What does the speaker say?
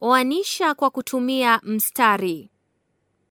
Oanisha kwa kutumia mstari.